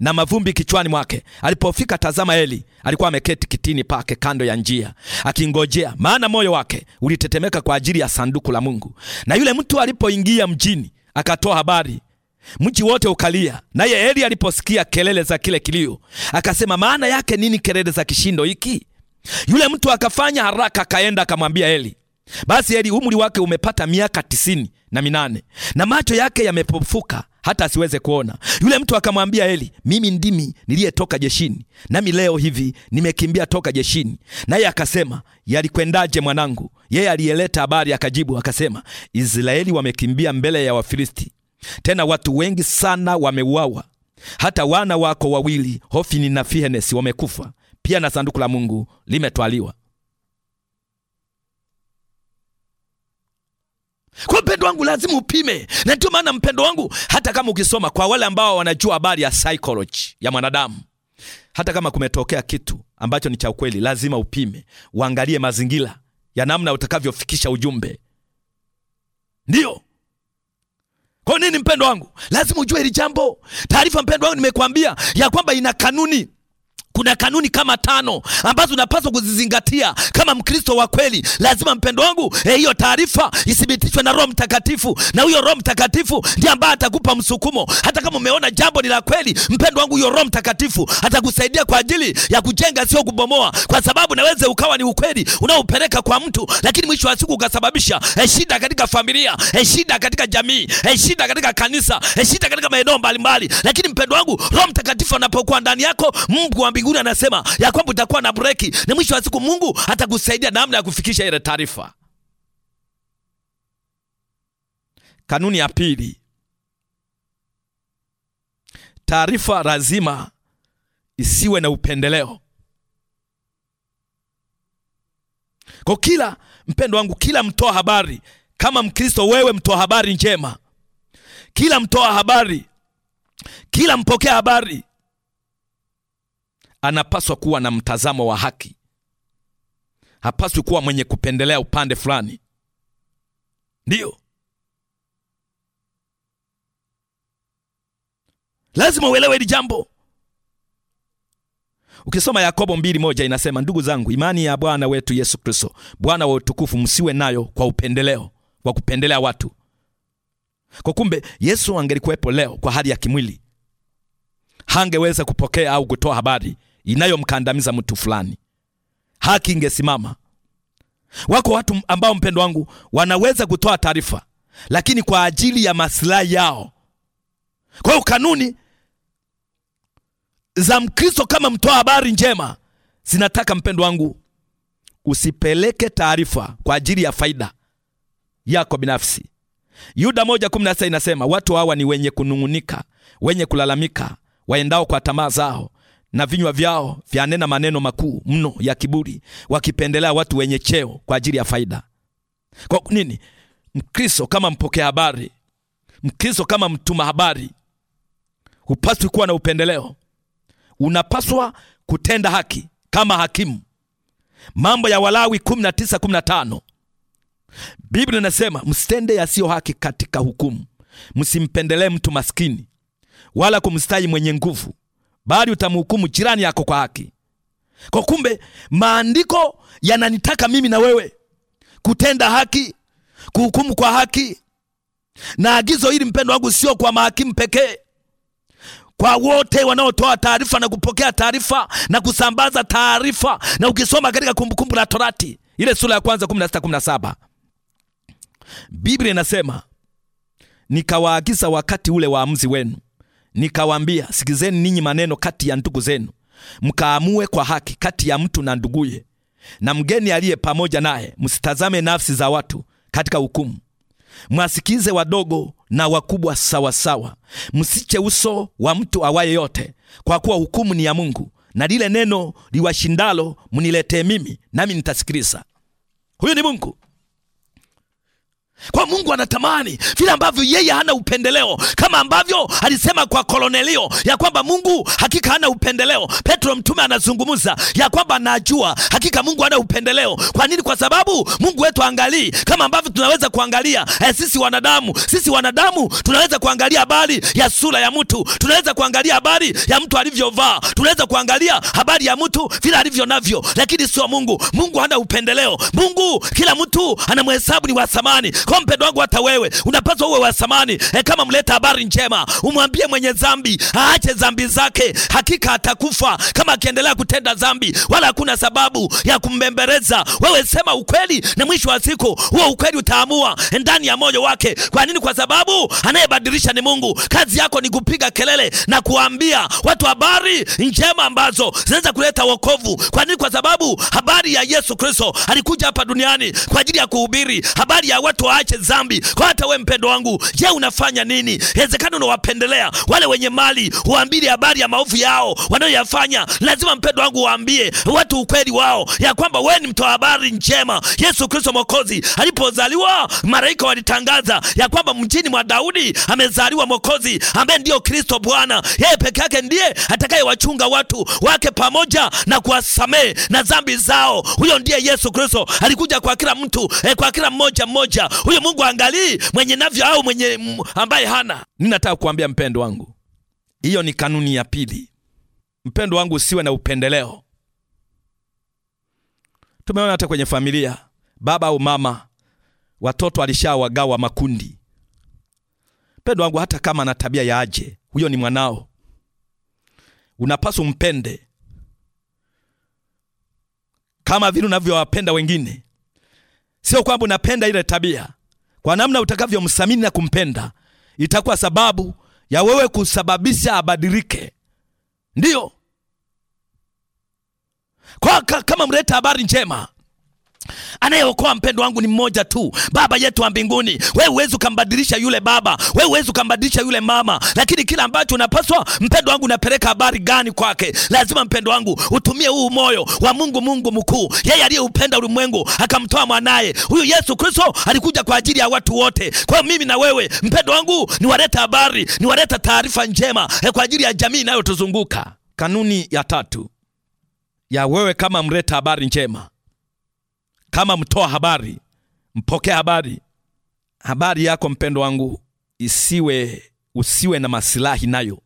na mavumbi kichwani mwake. Alipofika tazama, Eli alikuwa ameketi kitini pake kando ya njia akingojea, maana moyo wake ulitetemeka kwa ajili ya sanduku la Mungu. Na yule mtu alipoingia mjini akatoa habari, mji wote ukalia. Naye Eli aliposikia kelele za kile kilio akasema, maana yake nini kelele za kishindo hiki? Yule mtu akafanya haraka akaenda akamwambia Eli. Basi Eli umri wake umepata miaka tisini na minane na macho yake yamepofuka hata asiweze kuona. Yule mtu akamwambia Eli, mimi ndimi niliyetoka jeshini, nami leo hivi nimekimbia toka jeshini. Naye akasema, yalikwendaje mwanangu? Yeye aliyeleta habari akajibu akasema, Israeli wamekimbia mbele ya Wafilisti, tena watu wengi sana wameuawa, hata wana wako wawili hofini na fihenesi wamekufa, pia na sanduku la Mungu limetwaliwa. Kwa mpendo wangu lazima upime, na ndio maana mpendo wangu, hata kama ukisoma kwa wale ambao wanajua habari ya psychology ya mwanadamu, hata kama kumetokea kitu ambacho ni cha ukweli, lazima upime, uangalie mazingira ya namna utakavyofikisha ujumbe. Ndiyo kwa nini mpendo wangu lazima ujue hili jambo. Taarifa mpendo wangu, nimekwambia ya kwamba ina kanuni kuna kanuni kama tano ambazo unapaswa kuzizingatia kama Mkristo wa kweli. Lazima mpendo wangu eh, hiyo e, taarifa ithibitishwe na Roho Mtakatifu, na huyo Roho Mtakatifu ndiye ambaye atakupa msukumo. Hata kama umeona jambo ni la kweli, mpendo wangu, huyo Roho Mtakatifu atakusaidia kwa ajili ya kujenga, sio kubomoa, kwa sababu naweze ukawa ni ukweli unaopeleka kwa mtu, lakini mwisho wa siku ukasababisha e, shida katika familia e, shida katika jamii e, shida katika kanisa e, shida katika maeneo mbalimbali. Lakini mpendo wangu, Roho Mtakatifu anapokuwa ndani yako, Mungu wa mbinguni anasema ya kwamba utakuwa na breki, na mwisho wa siku Mungu atakusaidia namna ya kufikisha ile taarifa. Kanuni ya pili, taarifa lazima isiwe na upendeleo. Kwa kila mpendo wangu, kila mtoa habari, kama Mkristo wewe mtoa habari njema, kila mtoa habari, kila mpokea habari anapaswa kuwa na mtazamo wa haki, hapaswi kuwa mwenye kupendelea upande fulani. Ndiyo, lazima uelewe hili jambo. Ukisoma Yakobo mbili moja inasema, ndugu zangu, imani ya Bwana wetu Yesu Kristo, Bwana wa utukufu, msiwe nayo kwa upendeleo, kwa kupendelea watu. Kwa kumbe, Yesu angelikuwepo leo kwa hali ya kimwili, hangeweza kupokea au kutoa habari inayomkandamiza mtu fulani, haki ingesimama. Wako watu ambao, mpendo wangu, wanaweza kutoa taarifa, lakini kwa ajili ya maslahi yao. Kwa hiyo kanuni za Mkristo kama mtoa habari njema zinataka, mpendo wangu, usipeleke taarifa kwa ajili ya faida yako binafsi. Yuda moja kumi na inasema watu hawa ni wenye kunung'unika, wenye kulalamika, waendao kwa tamaa zao na vinywa vyao vyanena maneno makuu mno ya kiburi, wakipendelea watu wenye cheo kwa ajili ya faida. Kwa nini? Mkristo kama mpokea habari, Mkristo kama mtuma habari, hupaswi kuwa na upendeleo. Unapaswa kutenda haki kama hakimu. Mambo ya Walawi 19:15 Biblia inasema msitende yasiyo haki katika hukumu, msimpendelee mtu maskini wala kumstahi mwenye nguvu bali utamhukumu jirani yako kwa haki. Kwa kumbe, maandiko yananitaka mimi na wewe kutenda haki, kuhukumu kwa haki. Na agizo hili mpendo wangu, sio kwa mahakimu pekee, kwa wote wanaotoa taarifa na kupokea taarifa na kusambaza taarifa. Na ukisoma katika Kumbukumbu la Torati ile sura ya kwanza 16 17 Biblia inasema, nikawaagiza wakati ule waamuzi wenu Nikawaambia, sikizeni ninyi maneno kati ya ndugu zenu, mkaamue kwa haki kati ya mtu na nduguye, na mgeni aliye pamoja naye. Msitazame nafsi za watu katika hukumu, mwasikize wadogo na wakubwa sawasawa. Msiche uso wa mtu awaye yote, kwa kuwa hukumu ni ya Mungu. Na lile neno liwashindalo mniletee mimi, nami nitasikiliza. Huyu ni Mungu kwa Mungu anatamani vile ambavyo yeye hana upendeleo, kama ambavyo alisema kwa kolonelio ya kwamba Mungu hakika hana upendeleo. Petro mtume anazungumza ya kwamba najua hakika Mungu hana upendeleo. Kwa nini? Kwa sababu Mungu wetu angalii kama ambavyo tunaweza kuangalia eh, sisi wanadamu, sisi wanadamu tunaweza kuangalia habari ya sura ya mtu, tunaweza kuangalia habari ya mtu alivyovaa, tunaweza kuangalia habari ya mtu vile alivyo navyo, lakini sio Mungu. Mungu hana upendeleo. Mungu kila mtu anamhesabu ni wa thamani. Kwa mpendo wangu, hata wewe unapaswa uwe wa thamani e, kama mleta habari njema, umwambie mwenye dhambi aache dhambi zake, hakika atakufa kama akiendelea kutenda dhambi, wala hakuna sababu ya kumbembeleza. Wewe sema ukweli, na mwisho wa siku huo ukweli utaamua eh, ndani ya moyo wake. Kwa nini? Kwa sababu anayebadilisha ni Mungu. Kazi yako ni kupiga kelele na kuambia watu habari njema ambazo zinaweza kuleta wokovu. Kwa nini? Kwa sababu habari ya Yesu Kristo alikuja hapa duniani kwa ajili ya kuhubiri habari ya watu waache dhambi. Kwa hata we mpendo wangu, je, unafanya nini? Inawezekana unawapendelea wale wenye mali, huambiri habari ya maovu yao wanayoyafanya. Lazima mpendo wangu waambie watu ukweli wao ya kwamba we ni mtoa habari njema. Yesu Kristo Mwokozi alipozaliwa, malaika walitangaza ya kwamba mjini mwa Daudi amezaliwa Mwokozi ambaye ndiyo Kristo Bwana. Yeye peke yake ndiye atakayewachunga watu wake pamoja na kuwasamehe na dhambi zao. Huyo ndiye Yesu Kristo alikuja kwa kila mtu eh, kwa kila mmoja mmoja huyo Mungu angalii mwenye navyo au mwenye ambaye hana. Ninataka kuambia mpendo wangu, hiyo ni kanuni ya pili. Mpendo wangu, usiwe na upendeleo. Tumeona hata kwenye familia, baba au mama watoto alishawagawa makundi. Mpendo wangu, hata kama ana tabia ya aje, huyo ni mwanao, unapaswa umpende kama vile unavyowapenda wengine. Sio kwamba unapenda ile tabia. Kwa namna utakavyomsamini na kumpenda itakuwa sababu ya wewe kusababisha abadilike. Ndiyo kwa kama mleta habari njema Anayeokoa mpendo wangu ni mmoja tu, Baba yetu wa mbinguni. Wewe huwezi ukambadilisha yule baba, wewe huwezi ukambadilisha yule mama, lakini kila ambacho unapaswa, mpendo wangu, unapeleka habari gani kwake? Lazima mpendo wangu utumie huu moyo wa Mungu, Mungu mkuu, yeye aliyeupenda ulimwengu akamtoa mwanaye. Huyu Yesu Kristo alikuja kwa ajili ya watu wote. Kwa hiyo mimi na wewe mpendo wangu, niwaleta habari, niwaleta taarifa njema eh, kwa ajili ya jamii inayotuzunguka. Kanuni ya tatu ya wewe kama mleta habari njema kama mtoa habari, mpokee habari. Habari yako mpendo wangu isiwe usiwe na masilahi nayo.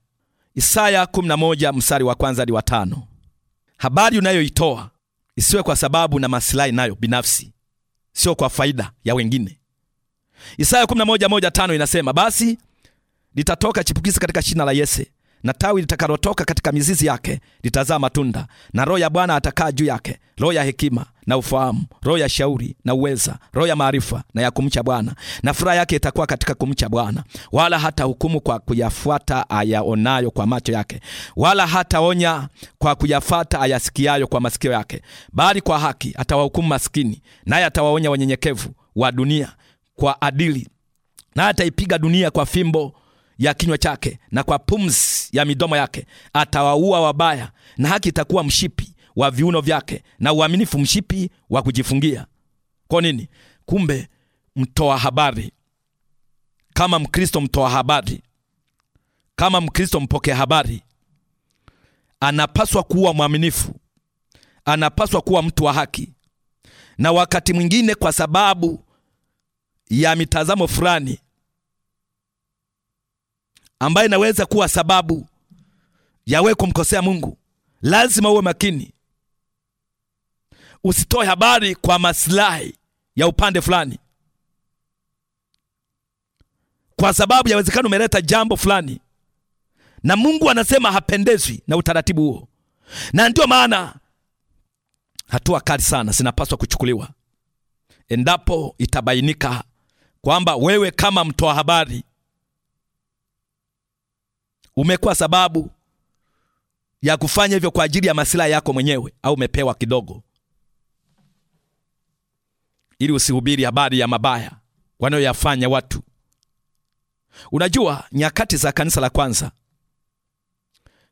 Isaya 11 mstari wa kwanza hadi wa tano. Habari unayoitoa isiwe kwa sababu na masilahi nayo binafsi, sio kwa faida ya wengine. Isaya 11:1 inasema, basi litatoka chipukizi katika shina la Yese na tawi litakalotoka katika mizizi yake litazaa matunda, na Roho ya Bwana atakaa juu yake, roho ya hekima na ufahamu, roho ya shauri na uweza, roho ya maarifa na ya kumcha Bwana. Na furaha yake itakuwa katika kumcha Bwana, wala hata hukumu kwa kuyafuata ayaonayo kwa macho yake, wala hataonya kwa kuyafuata ayasikiayo kwa masikio yake, bali kwa haki atawahukumu maskini, naye atawaonya wanyenyekevu wa dunia kwa adili, naye ataipiga dunia kwa fimbo ya kinywa chake na kwa pumzi ya midomo yake atawaua wabaya, na haki itakuwa mshipi wa viuno vyake, na uaminifu mshipi wa kujifungia. Kwa nini? Kumbe mtoa habari kama Mkristo, mtoa habari kama Mkristo, mpokea habari anapaswa kuwa mwaminifu, anapaswa kuwa mtu wa haki. Na wakati mwingine kwa sababu ya mitazamo fulani ambayo inaweza kuwa sababu ya wewe kumkosea Mungu, lazima uwe makini. Usitoe habari kwa maslahi ya upande fulani, kwa sababu yawezekana umeleta jambo fulani na Mungu anasema hapendezwi na utaratibu huo, na ndio maana hatua kali sana zinapaswa kuchukuliwa endapo itabainika kwamba wewe kama mtoa habari umekuwa sababu ya kufanya hivyo kwa ajili ya masilahi yako mwenyewe, au umepewa kidogo ili usihubiri habari ya mabaya wanayoyafanya watu. Unajua, nyakati za kanisa la kwanza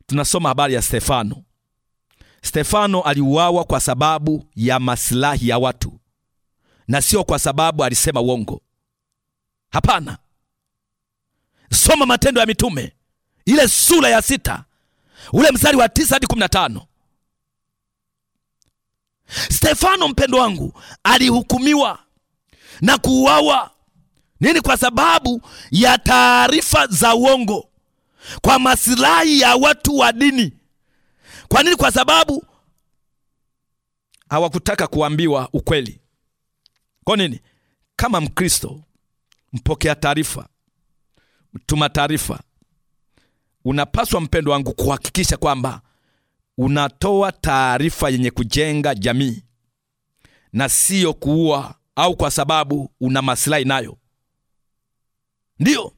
tunasoma habari ya Stefano. Stefano aliuawa kwa sababu ya masilahi ya watu na sio kwa sababu alisema uongo. Hapana, soma Matendo ya Mitume ile sura ya sita ule mstari wa tisa hadi kumi na tano Stefano mpendo wangu alihukumiwa na kuuawa nini? Kwa sababu ya taarifa za uongo kwa masilahi ya watu wa dini. Kwa nini? Kwa sababu hawakutaka kuambiwa ukweli. Kwa nini? Kama Mkristo mpokea taarifa, mtuma taarifa, unapaswa mpendo wangu kuhakikisha kwamba unatoa taarifa yenye kujenga jamii na siyo kuua au kwa sababu una masilahi nayo. Ndiyo,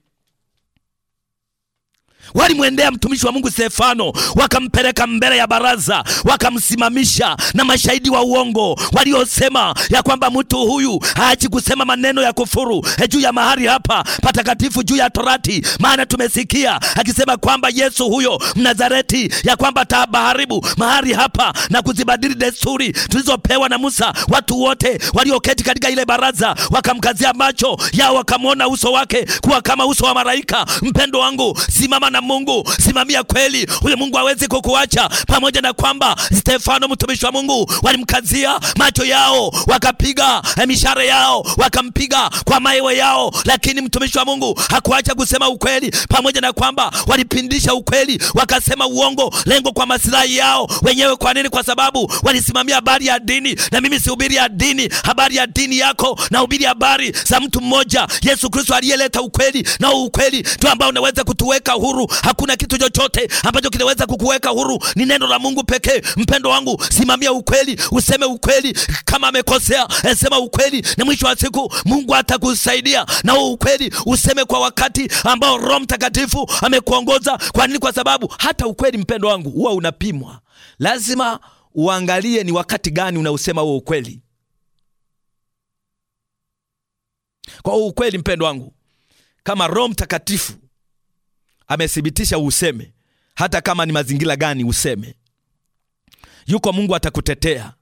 Walimwendea mtumishi wa Mungu Stefano, wakampeleka mbele ya baraza, wakamsimamisha na mashahidi wa uongo waliosema ya kwamba mtu huyu haachi kusema maneno ya kufuru eh, juu ya mahali hapa patakatifu, juu ya Torati, maana tumesikia akisema kwamba Yesu huyo Mnazareti ya kwamba tabaharibu mahali hapa na kuzibadili desturi tulizopewa na Musa. Watu wote walioketi katika ile baraza wakamkazia macho yao, wakamwona uso wake kuwa kama uso wa malaika. Mpendo wangu, simama na Mungu, simamia kweli. Huyo Mungu awezi kukuacha, pamoja na kwamba Stefano mtumishi wa Mungu walimkazia macho yao, wakapiga eh, mishare yao, wakampiga kwa mawe yao, lakini mtumishi wa Mungu hakuacha kusema ukweli, pamoja na kwamba walipindisha ukweli, wakasema uongo, lengo kwa masilahi yao wenyewe. Kwa nini? Kwa sababu walisimamia habari ya dini, na mimi sihubiri ya dini, habari ya dini yako, na hubiri habari za mtu mmoja, Yesu Kristo aliyeleta ukweli, nao ukweli ndio ambao unaweza kutuweka huru huru. Hakuna kitu chochote ambacho kinaweza kukuweka huru, ni neno la Mungu pekee. Mpendo wangu, simamia ukweli, useme ukweli. Kama amekosea, sema ukweli, na mwisho wa siku Mungu atakusaidia na huo ukweli. Useme kwa wakati ambao Roho Mtakatifu amekuongoza. Kwa nini? Kwa sababu hata ukweli, mpendo wangu, huwa unapimwa. Lazima uangalie ni wakati gani unausema huo ukweli. Kwa ukweli, mpendo wangu, kama Roho Mtakatifu amethibitisha useme, hata kama ni mazingira gani useme. Yuko Mungu atakutetea.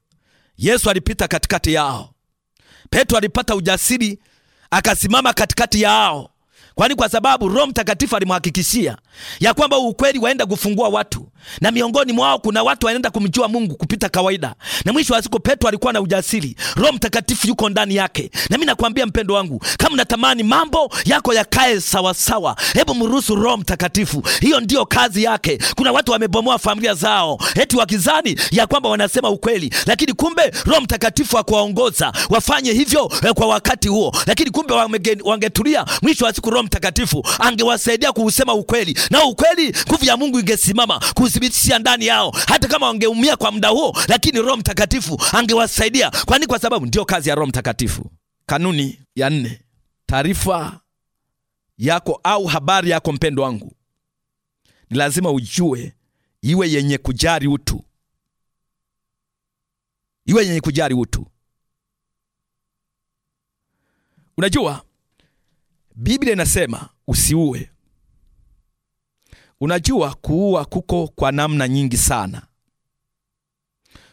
Yesu alipita katikati yao. Petro alipata ujasiri akasimama katikati yao, kwani kwa sababu Roho Mtakatifu alimhakikishia ya kwamba ukweli waenda kufungua watu, na miongoni mwao kuna watu wanaenda kumjua Mungu kupita kawaida. Na mwisho wa siku Petro alikuwa na ujasiri, Roho Mtakatifu yuko ndani yake. Na mimi nakwambia mpendo wangu, kama natamani mambo yako yakae sawasawa, hebu mruhusu Roho Mtakatifu, hiyo ndio kazi yake. Kuna watu wamebomoa familia zao eti wakizani ya kwamba wanasema ukweli, lakini kumbe Roho Mtakatifu akuwaongoza wafanye hivyo eh, kwa wakati huo, lakini kumbe wangetulia, mwisho wa siku Roho Mtakatifu angewasaidia kuusema ukweli na ukweli, nguvu ya Mungu ingesimama kuthibitisha ndani yao, hata kama wangeumia kwa muda huo, lakini Roho Mtakatifu angewasaidia. Kwani kwa sababu ndio kazi ya Roho Mtakatifu. Kanuni ya nne, taarifa yako au habari yako, mpendo wangu, ni lazima ujue iwe yenye kujali utu, iwe yenye kujali utu. Unajua Biblia inasema usiue, Unajua kuua kuko kwa namna nyingi sana.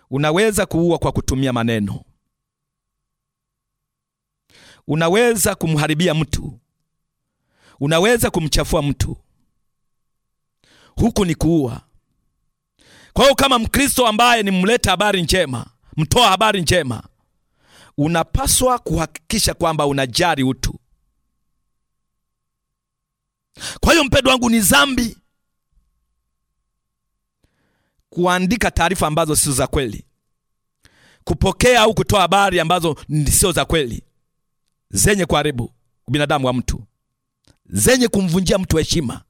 Unaweza kuua kwa kutumia maneno. Unaweza kumharibia mtu. Unaweza kumchafua mtu. Huku ni kuua. Kwa hiyo kama Mkristo ambaye ni mleta habari njema, mtoa habari njema, unapaswa kuhakikisha kwamba unajali utu. Kwa hiyo mpendo wangu, ni dhambi kuandika taarifa ambazo sio za kweli, kupokea au kutoa habari ambazo sio za kweli, zenye kuharibu binadamu wa mtu, zenye kumvunjia mtu heshima.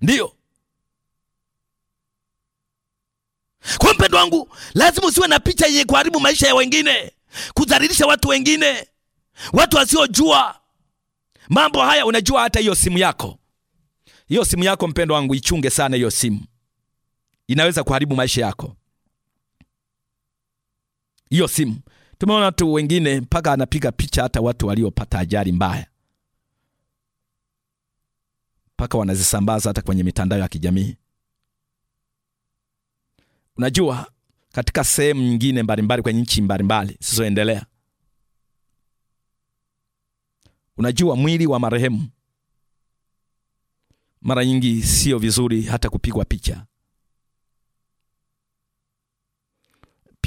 Ndiyo kwa mpendo wangu, lazima usiwe na picha yenye kuharibu maisha ya wengine, kudhalilisha watu wengine, watu wasiojua mambo haya. Unajua hata hiyo simu yako, hiyo simu yako mpendo wangu, ichunge sana hiyo simu inaweza kuharibu maisha yako, hiyo simu. Tumeona tu wengine mpaka anapiga picha hata watu waliopata ajali mbaya, mpaka wanazisambaza hata kwenye mitandao ya kijamii. Unajua, katika sehemu nyingine mbalimbali, kwenye nchi mbalimbali zisizoendelea, unajua mwili wa marehemu mara nyingi sio vizuri hata kupigwa picha.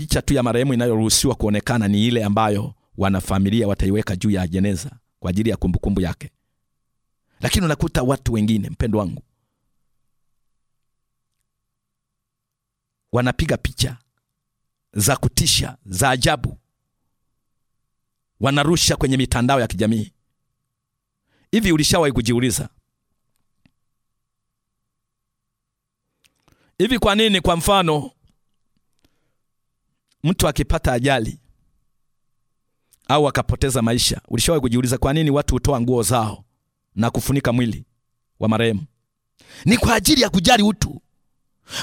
picha tu ya marehemu inayoruhusiwa kuonekana ni ile ambayo wanafamilia wataiweka juu ya jeneza kwa ajili ya kumbukumbu yake. Lakini unakuta watu wengine, mpendo wangu, wanapiga picha za kutisha za ajabu, wanarusha kwenye mitandao ya kijamii. Hivi ulishawahi kujiuliza hivi, kwa nini? Kwa mfano mtu akipata ajali au akapoteza maisha, ulishawahi kujiuliza kwa nini watu hutoa nguo zao na kufunika mwili wa marehemu? Ni kwa ajili ya kujali utu.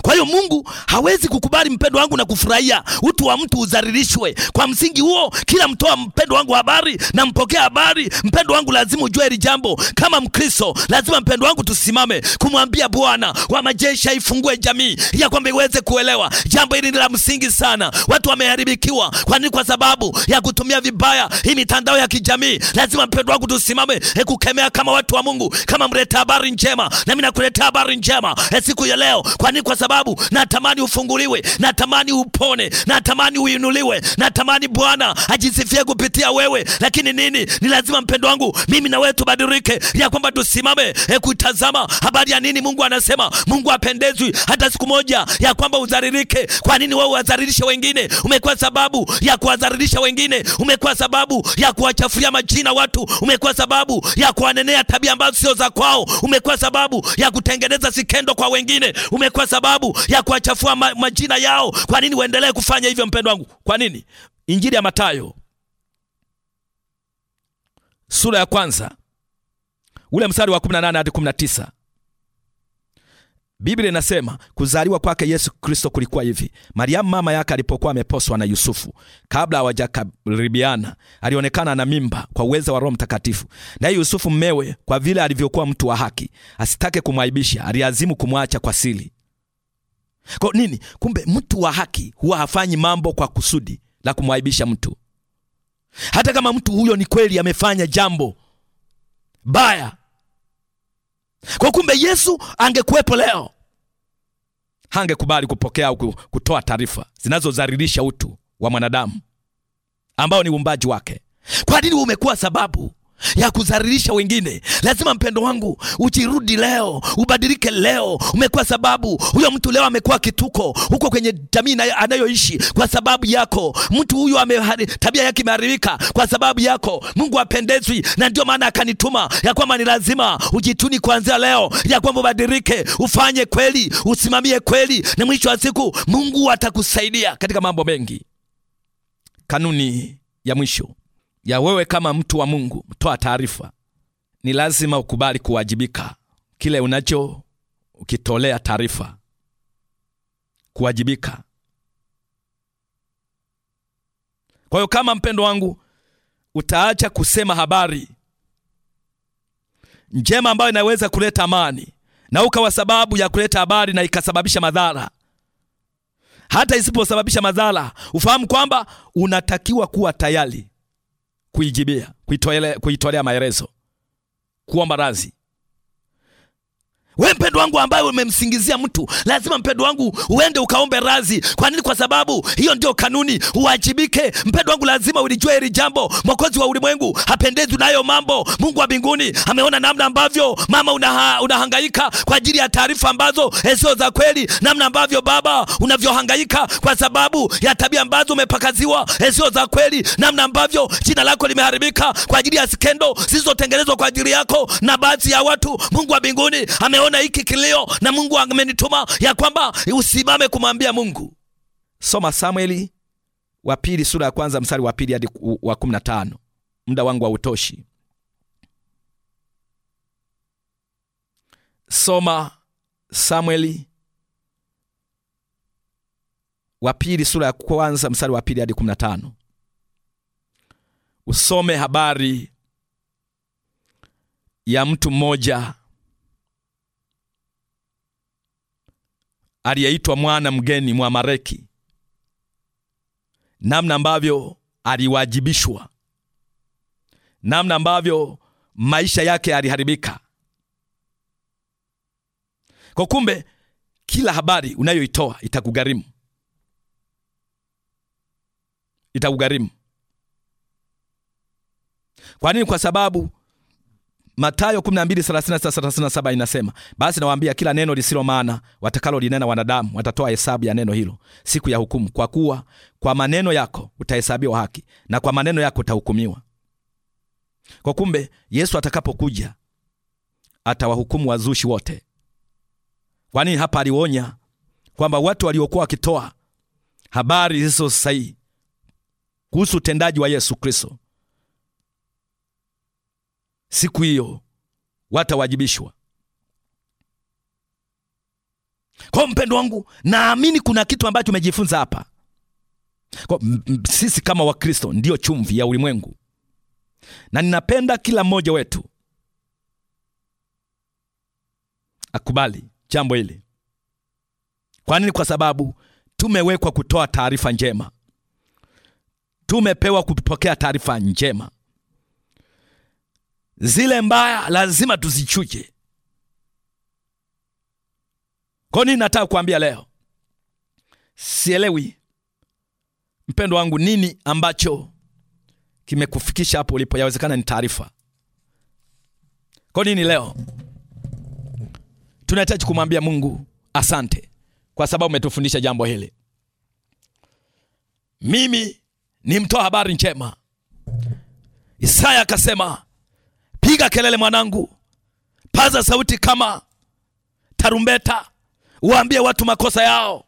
Kwa hiyo Mungu hawezi kukubali mpendo wangu na kufurahia utu wa mtu uzaririshwe Kwa msingi huo, kila mtoa mpendo wangu habari na mpokea habari mpendo wangu lazima ujue hili jambo. Kama Mkristo lazima mpendo wangu tusimame kumwambia Bwana wa majeshi aifungue jamii ya kwamba iweze kuelewa jambo hili ni la msingi sana. Watu wameharibikiwa. Kwa nini? Kwa sababu ya kutumia vibaya hii mitandao ya kijamii. Lazima mpendo wangu tusimame e kukemea kama watu wa Mungu, kama mleta habari njema, nami nakuletea habari njema e siku ya leo. Kwa nini? Kwa sababu natamani ufunguliwe, natamani upone, natamani uinuliwe, natamani Bwana ajisifie kupitia wewe. Lakini nini? Ni lazima mpendo wangu, mimi na wewe tubadilike, ya kwamba tusimame e, kutazama habari ya nini Mungu anasema. Mungu apendezwi hata siku moja ya kwamba udharirike. Kwa nini wewe uwadharirishe wengine? Umekuwa sababu ya kuwadharirisha wengine, umekuwa sababu ya kuwachafuria majina watu, umekuwa sababu ya kuwanenea tabia ambazo sio za kwao, umekuwa sababu ya kutengeneza sikendo kwa wengine, umekuwa sababu ya kuwachafua majina yao. Kwa nini waendelee kufanya hivyo, mpendo wangu? Kwa nini? Injili ya Mathayo sura ya kwanza ule mstari wa 18 hadi 19, Biblia inasema kuzaliwa kwake Yesu Kristo kulikuwa hivi: Mariamu mama yake alipokuwa ameposwa na Yusufu, kabla hawajakaribiana, alionekana na mimba kwa uwezo wa Roho Mtakatifu. Naye Yusufu mmewe, kwa vile alivyokuwa mtu wa haki, asitake kumwaibisha, aliazimu kumwacha kwa siri. Kwa nini? Kumbe mtu wa haki huwa hafanyi mambo kwa kusudi la kumwaibisha mtu, hata kama mtu huyo ni kweli amefanya jambo baya. Kwa kumbe Yesu angekuwepo leo, hangekubali kupokea au kutoa taarifa zinazozaririsha utu wa mwanadamu ambao ni uumbaji wake. Kwa nini umekuwa sababu ya kuzaririsha wengine. Lazima mpendo wangu ujirudi leo, ubadilike leo. Umekuwa sababu, huyo mtu leo amekuwa kituko huko kwenye jamii anayoishi kwa sababu yako. Mtu huyo tabia yake imeharibika kwa sababu yako. Mungu apendezwi, na ndio maana akanituma ya kwamba ni lazima ujituni kuanzia leo, ya kwamba ubadilike, ufanye kweli, usimamie kweli, na mwisho wa siku Mungu atakusaidia katika mambo mengi. Kanuni ya mwisho ya wewe kama mtu wa Mungu, mtoa taarifa, ni lazima ukubali kuwajibika kile unacho ukitolea taarifa, kuwajibika. Kwa hiyo kama mpendo wangu utaacha kusema habari njema ambayo inaweza kuleta amani na ukawa sababu ya kuleta habari na ikasababisha madhara, hata isiposababisha madhara, ufahamu kwamba unatakiwa kuwa tayari kuijibia, kuitolea maelezo, kuomba radhi. We mpendo wangu ambaye umemsingizia mtu, lazima mpendo wangu uende ukaombe razi Kwa nini? Kwa sababu hiyo ndio kanuni, uwajibike. Mpendo wangu, lazima ulijue hili jambo. Mwokozi wa ulimwengu hapendezwi nayo mambo. Mungu wa mbinguni ameona namna ambavyo mama unaha, unahangaika kwa ajili ya taarifa ambazo sio za kweli, namna ambavyo baba unavyohangaika kwa sababu ya tabia ambazo umepakaziwa eh, sio za kweli, namna ambavyo jina lako limeharibika kwa ajili ya skendo zilizotengenezwa kwa ajili yako na baadhi ya watu. Mungu wa mbinguni ameona nimeona hiki kilio na Mungu amenituma ya kwamba usimame kumwambia Mungu. Soma Samueli wa pili sura ya kwanza mstari wa pili hadi wa 15. Muda wangu hautoshi. Soma Samueli wa pili sura ya kwanza mstari wa pili hadi 15. Usome habari ya mtu mmoja aliyeitwa mwana mgeni Mwamareki, namna ambavyo aliwajibishwa, namna ambavyo maisha yake yaliharibika. Kwa kumbe, kila habari unayoitoa itakugharimu, itakugharimu. Kwa nini? Kwa sababu Mathayo 12:36-37 inasema, basi nawaambia kila neno lisilo maana watakalolinena wanadamu watatoa hesabu ya neno hilo siku ya hukumu, kwa kuwa kwa maneno yako utahesabiwa haki na kwa maneno yako utahukumiwa. Kwa kumbe, Yesu atakapokuja atawahukumu wazushi wote. Kwa nini hapa aliwonya kwamba watu waliokuwa wakitoa habari zisizo sahihi kuhusu utendaji wa Yesu Kristo siku hiyo watawajibishwa. Kwa mpendo wangu, naamini kuna kitu ambacho umejifunza hapa. Kwa sisi kama Wakristo ndiyo chumvi ya ulimwengu, na ninapenda kila mmoja wetu akubali jambo hili. Kwa nini? Kwa sababu tumewekwa kutoa taarifa njema, tumepewa kupokea taarifa njema zile mbaya lazima tuzichuke. Kwa nini nataka kuambia leo? Sielewi mpendo wangu, nini ambacho kimekufikisha hapo ulipo. Yawezekana ni taarifa. Kwa nini leo tunahitaji kumwambia Mungu asante, kwa sababu umetufundisha jambo hili. Mimi ni mtoa habari njema. Isaya akasema piga kelele mwanangu, paza sauti kama tarumbeta, waambie watu makosa yao,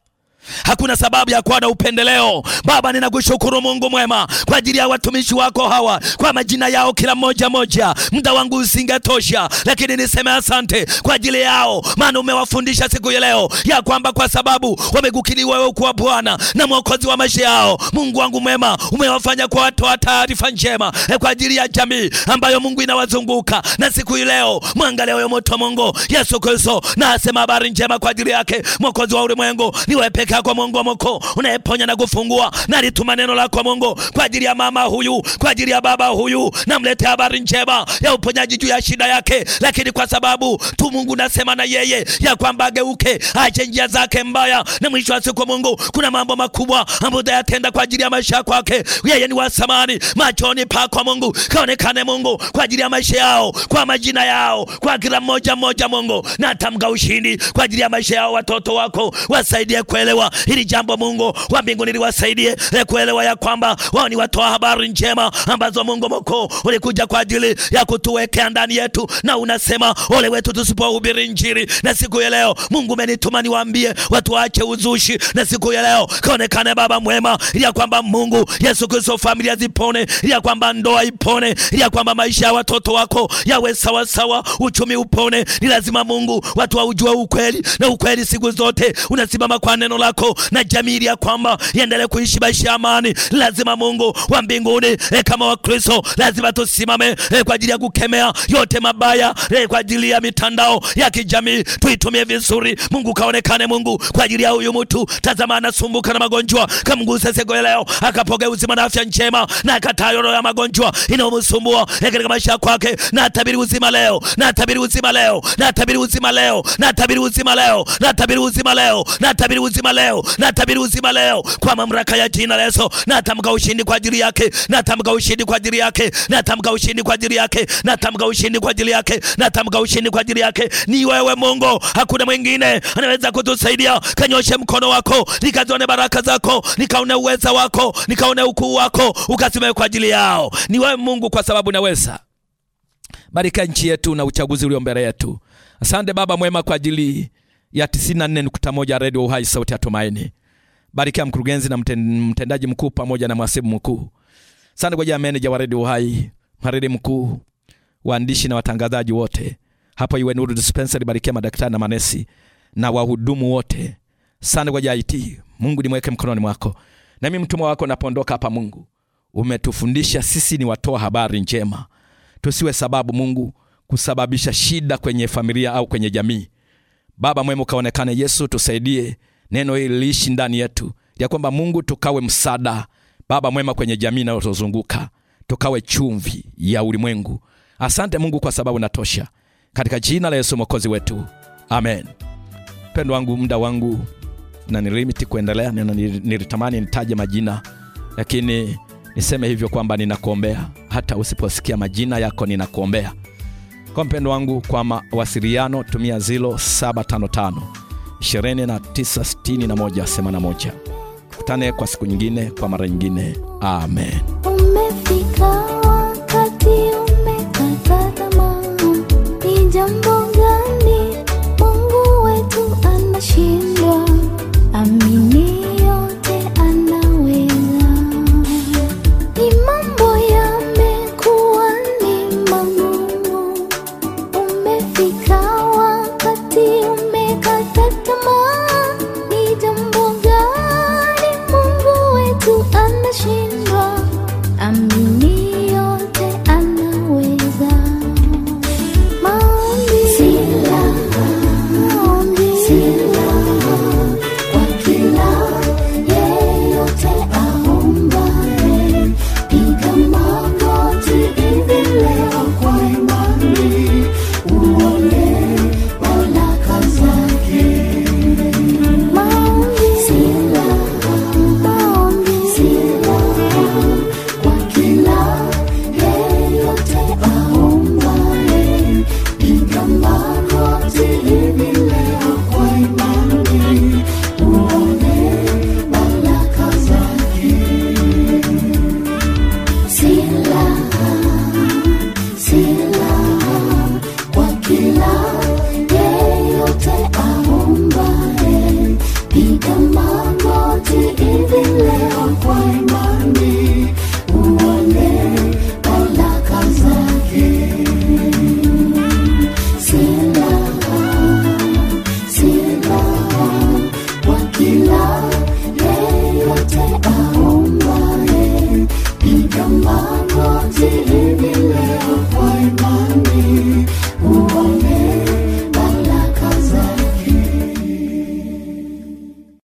Hakuna sababu ya kuwa na upendeleo. Baba, ninakushukuru Mungu mwema kwa ajili ya watumishi wako hawa, kwa majina yao kila mmoja moja, muda wangu usingetosha, lakini niseme asante kwa ajili yao, maana umewafundisha siku ya leo ya kwamba kwa sababu wamekukiri wewe kuwa Bwana na Mwokozi wa maisha yao. Mungu wangu mwema, umewafanya kwa watu wa taarifa njema e, kwa ajili ya jamii ambayo Mungu inawazunguka, na siku ya leo mwangalia huyo moto wa Mungu Yesu Kristo, na asema habari njema kwa ajili yake, Mwokozi wa ulimwengu, ni wewe unayekaa kwa Mungu wa moko, unayeponya na kufungua, Na alituma neno lako kwa Mungu kwa ajili ya mama huyu, kwa ajili ya baba huyu, namlete habari njema ya uponyaji juu ya shida yake, lakini kwa sababu tu Mungu nasema na yeye ya kwamba ageuke, aache njia zake mbaya, na mwisho wa siku Mungu, kuna mambo makubwa ambayo utayatenda kwa ajili ya maisha yake. Yeye ni wa thamani machoni kwa Mungu, kaonekane Mungu kwa ajili ya maisha yao, kwa majina yao, kwa kila mmoja mmoja Mungu, na tamka ushindi kwa ajili ya maisha yao, watoto wako wasaidie kuelewa kuelewa hili jambo. Mungu wa mbinguni liwasaidie eh, kuelewa ya kwamba wao ni watoa habari njema ambazo Mungu mkuu ulikuja kwa ajili ya kutuwekea ndani yetu, na unasema ole wetu tusipohubiri Injili. Na siku ya leo Mungu umenituma niwaambie watu waache uzushi, na siku ya leo kaonekane baba mwema, ya kwamba Mungu Yesu Kristo, familia zipone, ya kwamba ndoa ipone, ya kwamba maisha ya watoto wako yawe sawa sawa, uchumi upone. Ni lazima Mungu watu waujue ukweli, na ukweli siku zote unasimama kwa neno la yako na jamii ya kwamba iendelee kuishi maisha ya amani. Lazima Mungu wa mbinguni e, kama Wakristo lazima tusimame e, kwa ajili ya kukemea yote mabaya e, kwa ajili ya mitandao ya kijamii tuitumie vizuri. Mungu kaonekane, Mungu kwa ajili ya huyu mtu, tazama anasumbuka na magonjwa, kamguse sego leo akapokea uzima na afya njema, na akataa roho ya magonjwa inayomsumbua e, katika maisha yake. na tabiri uzima leo, na tabiri uzima leo, na tabiri uzima leo, na tabiri uzima leo, na tabiri uzima leo, na tabiri uzima leo leo, natabiri uzima leo kwa mamlaka ya jina la Yesu. Natamka ushindi kwa ajili yake, natamka ushindi kwa ajili yake, natamka ushindi kwa ajili yake, natamka ushindi kwa ajili yake, natamka ushindi kwa ajili yake. Ni wewe Mungu, hakuna mwingine anaweza kutusaidia. Kanyoshe mkono wako, nikazione baraka zako, nikaone uweza wako, nikaone ukuu wako, ukasimame kwa ajili yao. Ni wewe Mungu, kwa sababu naweza. Barika nchi yetu na uchaguzi ulio mbele yetu. Asante Baba mwema kwa ajili ya 94.1 Radio Uhai, sauti ya Tumaini. Barikia mkurugenzi na mtendaji mkuu pamoja na mwasibu mkuu. Asante kwa ajili ya meneja wa Radio Uhai, mhariri mkuu, waandishi na watangazaji wote hapo Iwe Nuru Dispensary. Barikia madaktari na manesi na wahudumu wote. Asante kwa ajili ya IT. Mungu nimweke mkononi mwako, Na mimi mtumwa wako napondoka hapa. Mungu umetufundisha sisi ni watoa habari njema, tusiwe sababu Mungu kusababisha shida kwenye familia au kwenye jamii. Baba mwema, ukaonekane. Yesu, tusaidie neno hili liishi ndani yetu, ya kwamba Mungu tukawe msada Baba mwema, kwenye jamii inayotuzunguka, tukawe chumvi ya ulimwengu. Asante Mungu kwa sababu natosha, katika jina la Yesu mwokozi wetu, amen. Mpendo wangu, muda wangu na nilimiti kuendelea, nilitamani nitaje majina, lakini niseme hivyo kwamba ninakuombea, hata usiposikia majina yako, ninakuombea kwa mpendo wangu, kwa mawasiliano tumia zilo 755 296181. kwa siku nyingine, kwa mara nyingine. Amen. Umefika wakati umekata tamaa, ni jambo gani